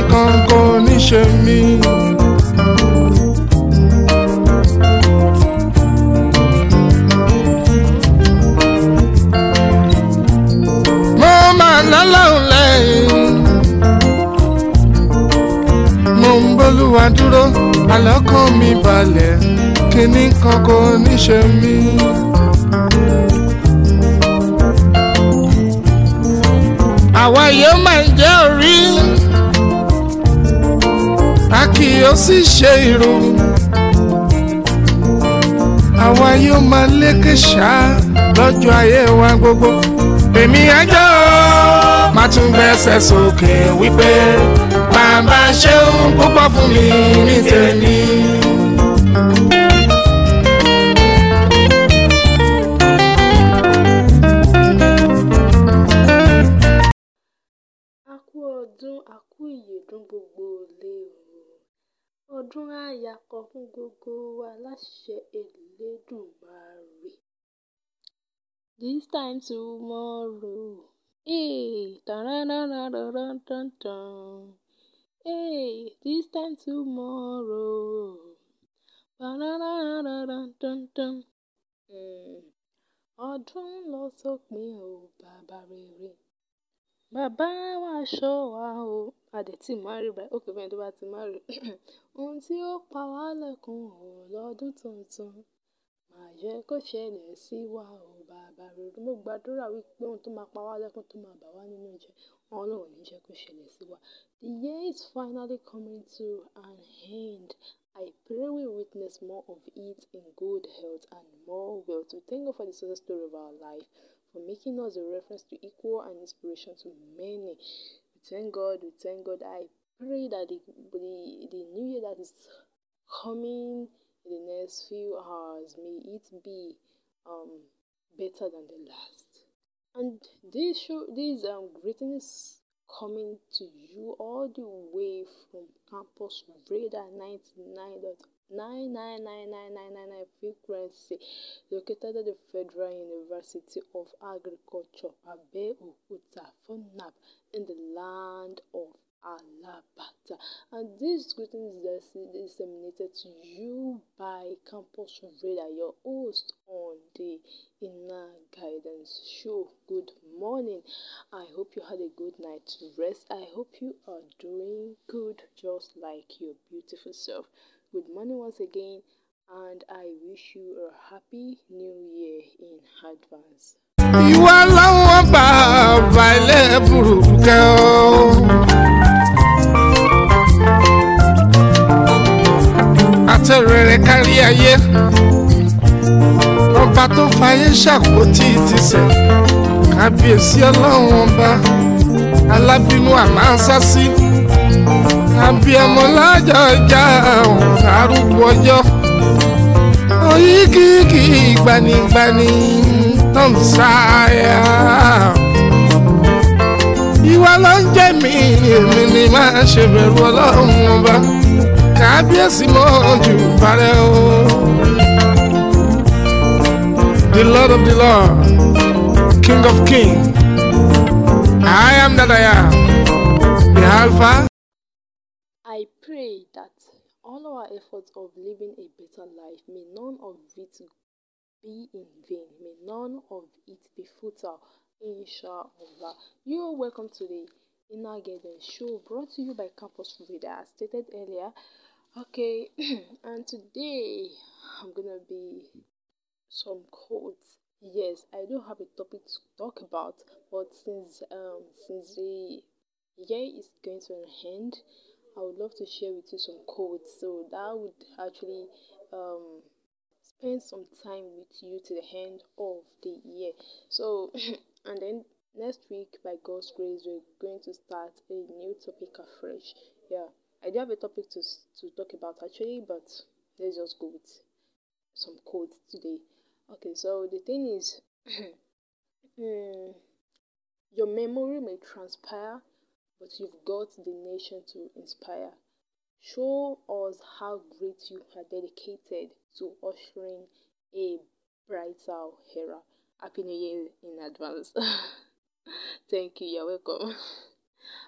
nìkan kò ní ṣe mí. mo máa lọ́lọ́run lẹ́yìn mo ń bólúwa dúró àlọ́kàn mi balẹ̀ kíní kan kò ní ṣe mí. àwa yóò máa jẹ́ orí kí ó sì ṣe ìró àwa yóò máa lékè ṣá lọ́jọ́ ayé wa gbogbo èmi ajá o máa tún gbẹ́sẹ̀ sókè wípé bàbá ṣeun púpọ̀ fún mi ní tèmi. ọdún á yakọ fún gbogbo wa láṣẹ Elédùmarè. This time tomorrow. Hey, ta-ra-ra-ra-ra-ra-dun-dun. Hey, this time tomorrow. Ba-ra-ra-ra-ra-ra-dun-dun. Hmm. Ọdún ń lọ sópin o bàbá rere. Bàbá wa ṣọ́ wa o a dẹ̀ tí marry báyìí. Ó pé fẹ́ni tó bá ti marry. Ohun tí ó pa wá lẹ́kun ò tuntun. Má jẹ́ kó ṣẹlẹ̀ sí wa o baba rere. Mo gbàdúrà wípé ohun tó máa pa wá lẹ́kun tó máa bà wá nínú jẹ́, Ọlọ́run ò ní jẹ́ kó ṣẹlẹ̀ sí wa. The year is finally coming to an end. I pray we witness more of it in good health and more wealth. We thank God for the success story of our life, for making us a reference to equal and inspiration to many. We thank God, we thank God. I pray that the, the, the new year that is coming in the next few hours, may it be um, better than the last. And these, show, these um, greetings coming to you all the way from campus radar 99.9999999 frequency located at the Federal University of Agriculture, Abeokuta, FUNAB, in the land of Alabata. And these greetings are disseminated to you by Campus Radar, your host on the Inner Guidance Show. Good morning. I hope you had a good night's rest. I hope you are doing good, just like your beautiful self. Good morning once again, and I wish you a happy new year in advance. You are bàbá ilé burúkú kẹ́ ọ́. rere kárí ayé ọba tó fayé ṣàpótí ìtìsẹ̀ kábíyèsí ọlọ́run ọba alábínú àmásásí abiyamọ lájọ ìjà arúgbó ọjọ́ oyíkìkì gbanigbani tọ́mùsáyà ìwà ló ń jẹ́ mi èmi ni máa ṣe bẹ̀rù ọlọ́run ọba kábíyèsí mo jù parẹ́ o. The Lord of the Lord, King of Kings, I am that I am, the Alpha. I pray that all our efforts of living a better life may none of it be in vain, may none of it be futile, inshallah. You are welcome to the Inner Garden show brought to you by Campus Reader. As stated earlier, Okay, and today I'm gonna be some quotes. Yes, I don't have a topic to talk about, but since um since the year is going to an end, I would love to share with you some quotes. So that would actually um spend some time with you to the end of the year. So and then next week by God's grace we're going to start a new topic afresh. Yeah. I do have a topic to to talk about actually, but let's just go with some code today. Okay, so the thing is, mm, your memory may transpire, but you've got the nation to inspire. Show us how great you are dedicated to ushering a brighter era. Happy New Year in advance. Thank you. You're welcome.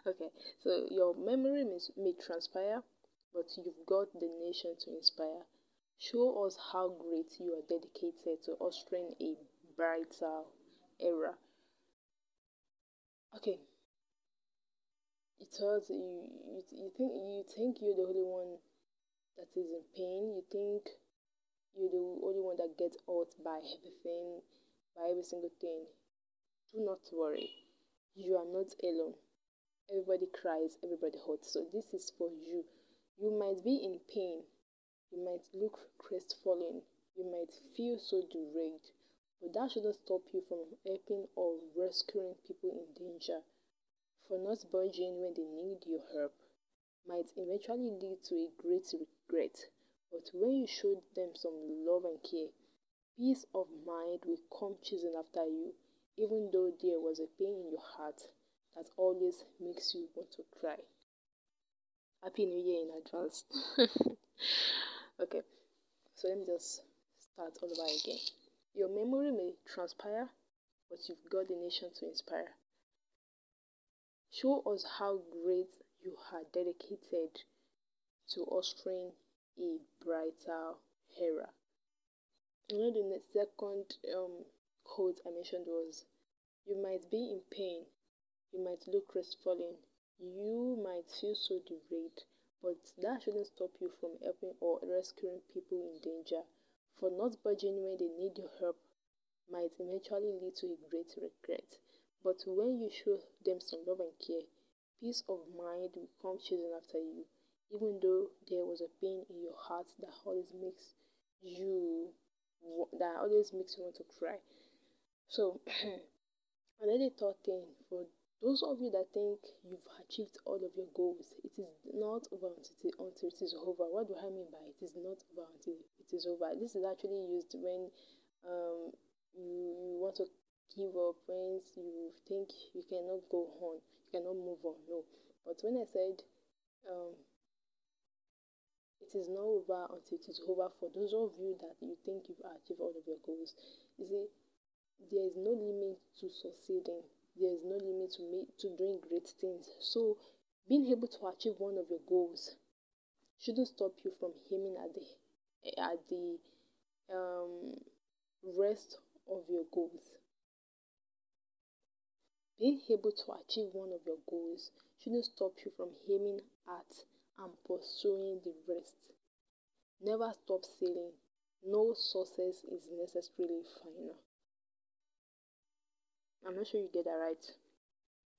okay, so your memory may, may transpire, but you've got the nation to inspire. Show us how great you are dedicated to ushering a brighter era. Okay. You thought you, you you think you think you're the only one that is in pain. You think you're the only one that gets hurt by everything, by every single thing. Do not worry. You are not alone. Everybody cries, everybody hurts. So this is for you. You might be in pain, you might look crestfallen, you might feel so deranged, but that shouldn't stop you from helping or rescuing people in danger. For not budging when they need your help might eventually lead to a great regret, but when you show them some love and care, peace of mind will come chasing after you, even though there was a pain in your heart that always makes you want to cry. Happy New Year in advance. okay, so let me just start all over again. Your memory may transpire, but you've got the nation to inspire. Show us how great you are dedicated to ushering a brighter era. You know, the second um, quote I mentioned was You might be in pain, you might look crestfallen. You might feel so derailed, but that shouldn't stop you from helping or rescuing people in danger. For not budging when they need your help might eventually lead to a great regret. But when you show them some love and care, peace of mind will come chasing after you, even though there was a pain in your heart that always makes you that always makes you want to cry. So another third thing for Those of you that think you've achieved all of your goals, it is not over until it is over. What do I mean by it is not over until it is over? This is actually used when um, you, you want to give up, when you think you cannot go on, you cannot move on. No. But when I said um, it is not over until it is over for those of you that you think you've achieved all of your goals, you see, there is no limit to succeeding there is no limit to make to doing great things. So being able to achieve one of your goals shouldn't stop you from aiming at the at the um, rest of your goals. Being able to achieve one of your goals shouldn't stop you from aiming at and pursuing the rest. Never stop sailing. No success is necessarily final. I'm not sure you get that right.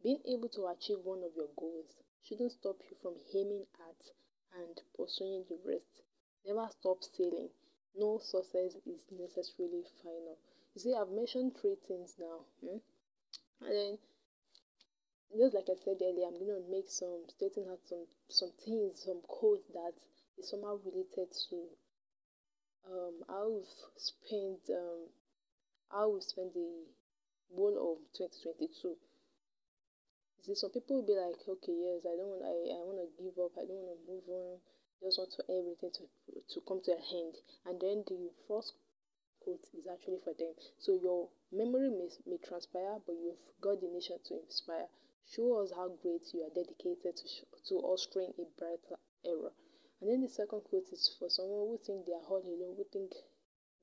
Being able to achieve one of your goals shouldn't stop you from aiming at and pursuing the rest. Never stop sailing. No success is necessarily final. You see, I've mentioned three things now. Hmm? And then, just like I said earlier, I'm going to make some, stating out some, some things, some quotes that is somehow related to um, how we've spent, um, how we spend the whole of 2022. You see, some people will be like, okay, yes, I don't want, I, I want to give up, I don't want to move on, just want to everything to, to come to an end. And then the first quote is actually for them. So your memory may, may transpire, but you've got the nature to inspire. Show us how great you are dedicated to, to ushering a brighter era. And then the second quote is for someone who think they are all alone, who think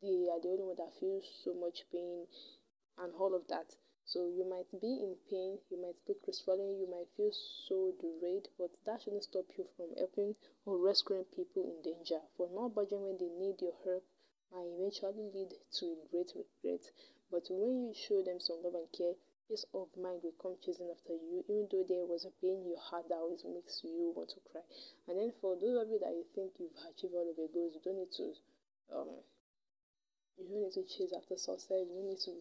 they are the only one that feels so much pain, and all of that. So you might be in pain, you might be crestfallen, you might feel so derailed, but that shouldn't stop you from helping or rescuing people in danger. For not budging when they need your help might eventually lead to great regret. But when you show them some love and care, peace of mind will come chasing after you, even though there was a pain in your heart that always makes you want to cry. And then for those of you that you think you've achieved all of your goals, you don't need to um, you don't need to chase after success, you don't need to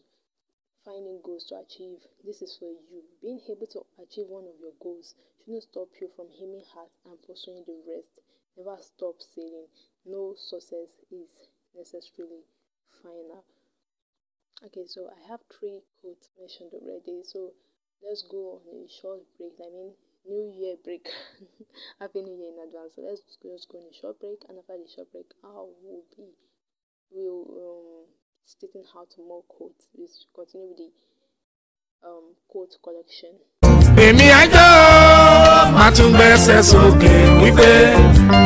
defining goals to achieve. This is for you. Being able to achieve one of your goals shouldn't stop you from aiming hard and pursuing the rest. Never stop sailing. No success is necessarily final. Okay, so I have three quotes mentioned already. So let's go on a short break. I mean, New Year break. Happy New Year in advance. So let's just go on a short break, and after the short break, I will be will um stating how to mold coats. Please continue with the um, coat collection. èmi àjọ máa tún gbẹ́sẹ̀ sókè wípé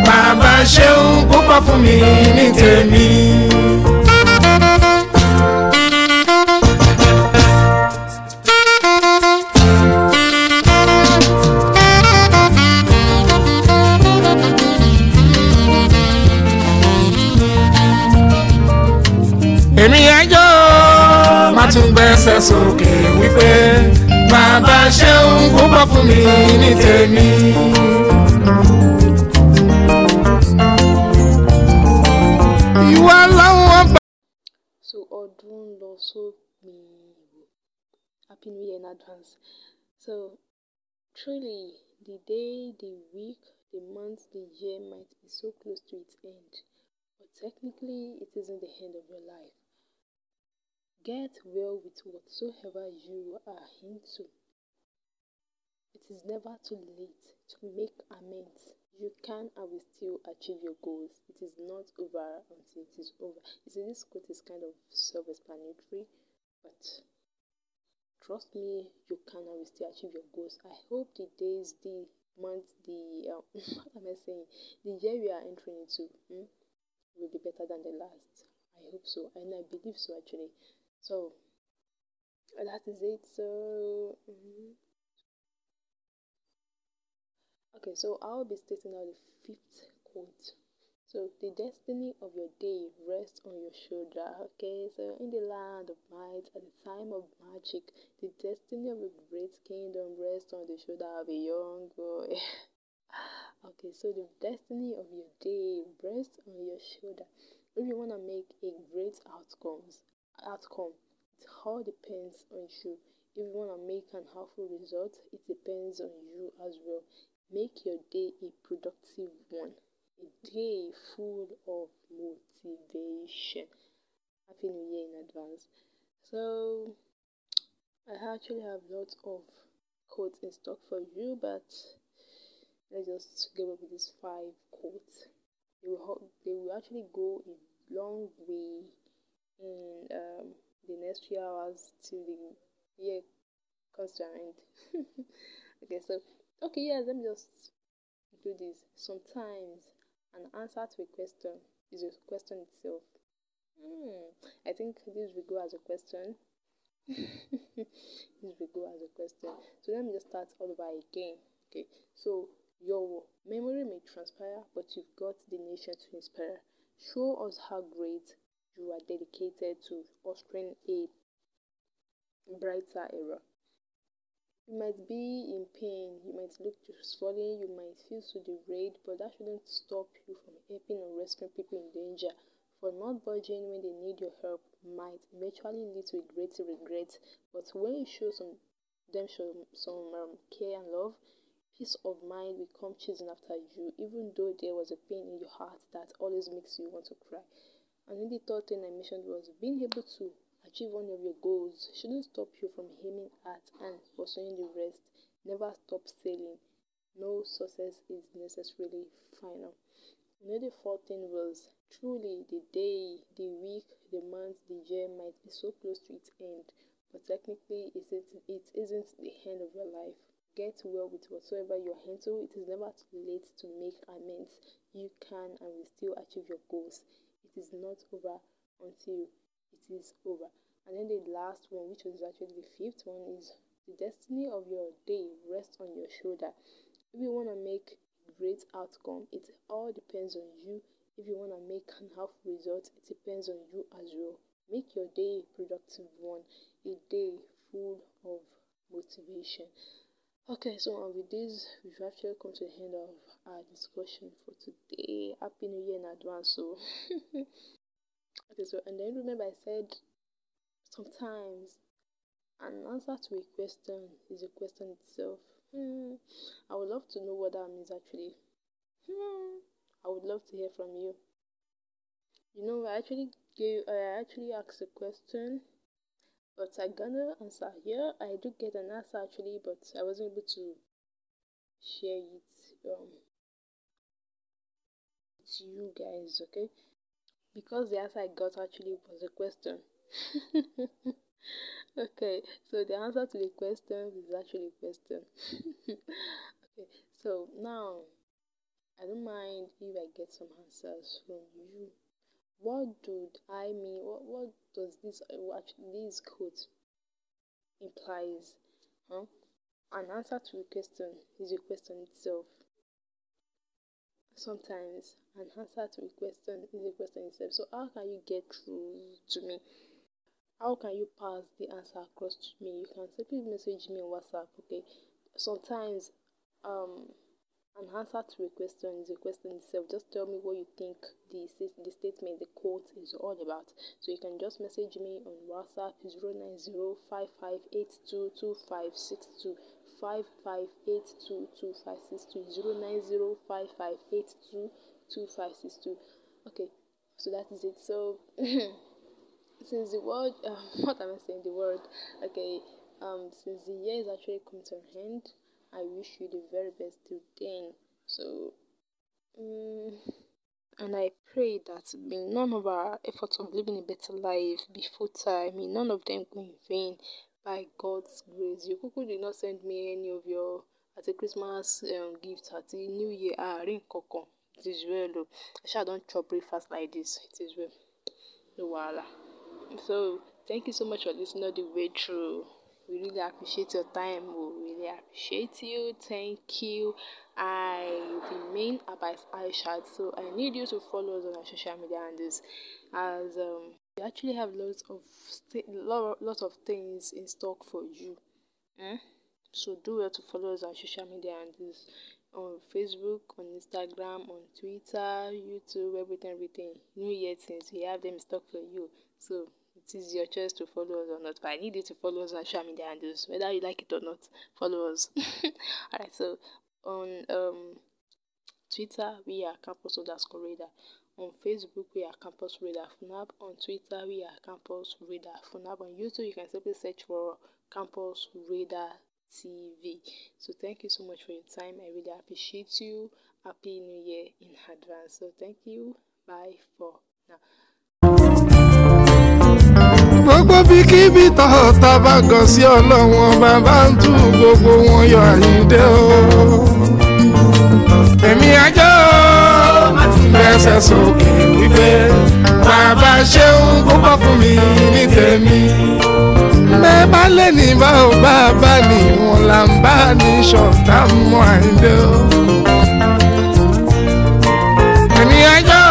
bàbá ṣeun púpọ̀ fún mi ní tèmi. òkè wípé bàbá ṣeun púpọ̀ fún mi ní tèmi. ìwà lọ́wọ́ gbà. so ọdún lọ sópin happy new year in advance so truly the day the week the month the year might be so close to its end but technically it isn't the end of your life. Get well with whatsoever you are into. It is never too late to make amends. You can and will still achieve your goals. It is not over until it is over. You see, this quote is kind of self explanatory, but trust me, you can and will still achieve your goals. I hope the days, the months, the um, what am I saying? The year we are entering into hmm, will be better than the last. I hope so, and I believe so actually. So that is it. So mm-hmm. okay, so I'll be stating out the fifth quote. So the destiny of your day rests on your shoulder. Okay, so in the land of might, at the time of magic, the destiny of a great kingdom rests on the shoulder of a young boy. okay, so the destiny of your day rests on your shoulder. If you wanna make a great outcomes, outcome. It all depends on you. If you want to make an helpful result, it depends on you as well. Make your day a productive one, a day full of motivation. Happy New Year in advance. So, I actually have lots of quotes in stock for you, but let's just get up with these five quotes. They will, they will actually go a long way in um, the next few hours till the year comes to an end. okay, so, okay, yeah, let me just do this. Sometimes an answer to a question is a question itself. Hmm. I think this will go as a question. this will go as a question. So let me just start all over again. Okay, so your memory may transpire, but you've got the nation to inspire. Show us how great you are dedicated to fostering a brighter era. You might be in pain, you might look swollen, you might feel so degraded, but that shouldn't stop you from helping or rescuing people in danger. For not budging when they need your help might eventually lead to a great regret, but when you show some, them show some um, care and love, peace of mind will come chasing after you, even though there was a pain in your heart that always makes you want to cry. And then the third thing I mentioned was being able to achieve one of your goals shouldn't stop you from aiming at and pursuing the rest. Never stop sailing. No success is necessarily final. You know, the fourth thing was truly the day, the week, the month, the year might be so close to its end, but technically it isn't, it isn't the end of your life. Get well with whatsoever you're into. It is never too late to make amends. You can and will still achieve your goals. is not over until it is over. And then the last one, which was actually the fifth one, is the destiny of your day rests on your shoulder. If you want to make great outcome, it all depends on you. If you want to make an half results, it depends on you as well. Make your day a productive one, a day full of motivation. Okay, so with this, we've actually come to the end of our discussion for today. Happy New Year in advance. So, okay, so and then remember, I said sometimes an answer to a question is a question itself. Hmm, I would love to know what that means actually. Hmm, I would love to hear from you. You know, I actually gave, I actually asked a question, but I got no answer here. I do get an answer actually, but I wasn't able to share it um, you guys, okay? Because the answer I got actually was a question. okay, so the answer to the question is actually a question. okay, so now I don't mind if I get some answers from you. What do I mean? What, what does this what this quote implies? Huh? An answer to a question is a question itself. sometimes an answer to a question is a question itself. So how can you get through to me? How can you pass the answer across to me? You can simply message me on WhatsApp, okay? Sometimes um an answer to a question is a question itself. Just tell me what you think the the statement, the quote is all about. So you can just message me on WhatsApp 09055822562. five five eight two two five six two zero nine zero five five eight two two five six two. Okay, so that is it. So since the world, uh, what am I saying? The world. Okay. Um, since the year is actually coming to an end, I wish you the very best till then. So, um, and I pray that none of our efforts of living a better life before time, I mean, none of them go in vain. by God's grace. You kúkú did not send me any of your at àti Christmas um, gifts the New Year àárín kankan. It is well o. I shall don't chop breakfast like this. It is well. No wahala. So thank you so much for listening all the way through. We really appreciate your time. We really appreciate you. Thank you. I remain Abbas Aishat. So I need you to follow us on our social media and this as um you actually have lots of lot lot of things in stock for you. Eh? So do well to follow us on social media and this on Facebook, on Instagram, on Twitter, YouTube, everything, everything. New Year things, we have them in stock for you. So it is your choice to follow us or not. But I need you to follow us on social media and this, whether you like it or not, follow us. Alright, so on um Twitter, we are campus underscore reader. On Facebook, we are Campus Radar FUNAB. On Twitter, we are Campus Radar FUNAB. On YouTube, you can simply search for Campus Radar TV. So thank you so much for your time. I really appreciate you. Happy New Year in advance. So thank you. Bye for now. gbogbo bíkíbi tọ́họ̀ tá bá gàn sí ọlọ́wọ́n bàbá ń tún gbogbo wọn yọ àyíndé o. èmi ajá gbẹ́sẹ̀ sókè wípé bàbá ṣeun púpọ̀ fún mi ní tèmi. bẹ́ẹ̀ bá lè ní bá ò bá bá ní wọn là ń bá ní ṣọ̀tá mọ́ àìdè o. ẹni ajọ́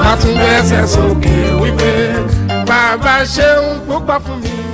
bá tún gbẹ́sẹ̀ sókè wípé bàbá ṣeun púpọ̀ fún mi.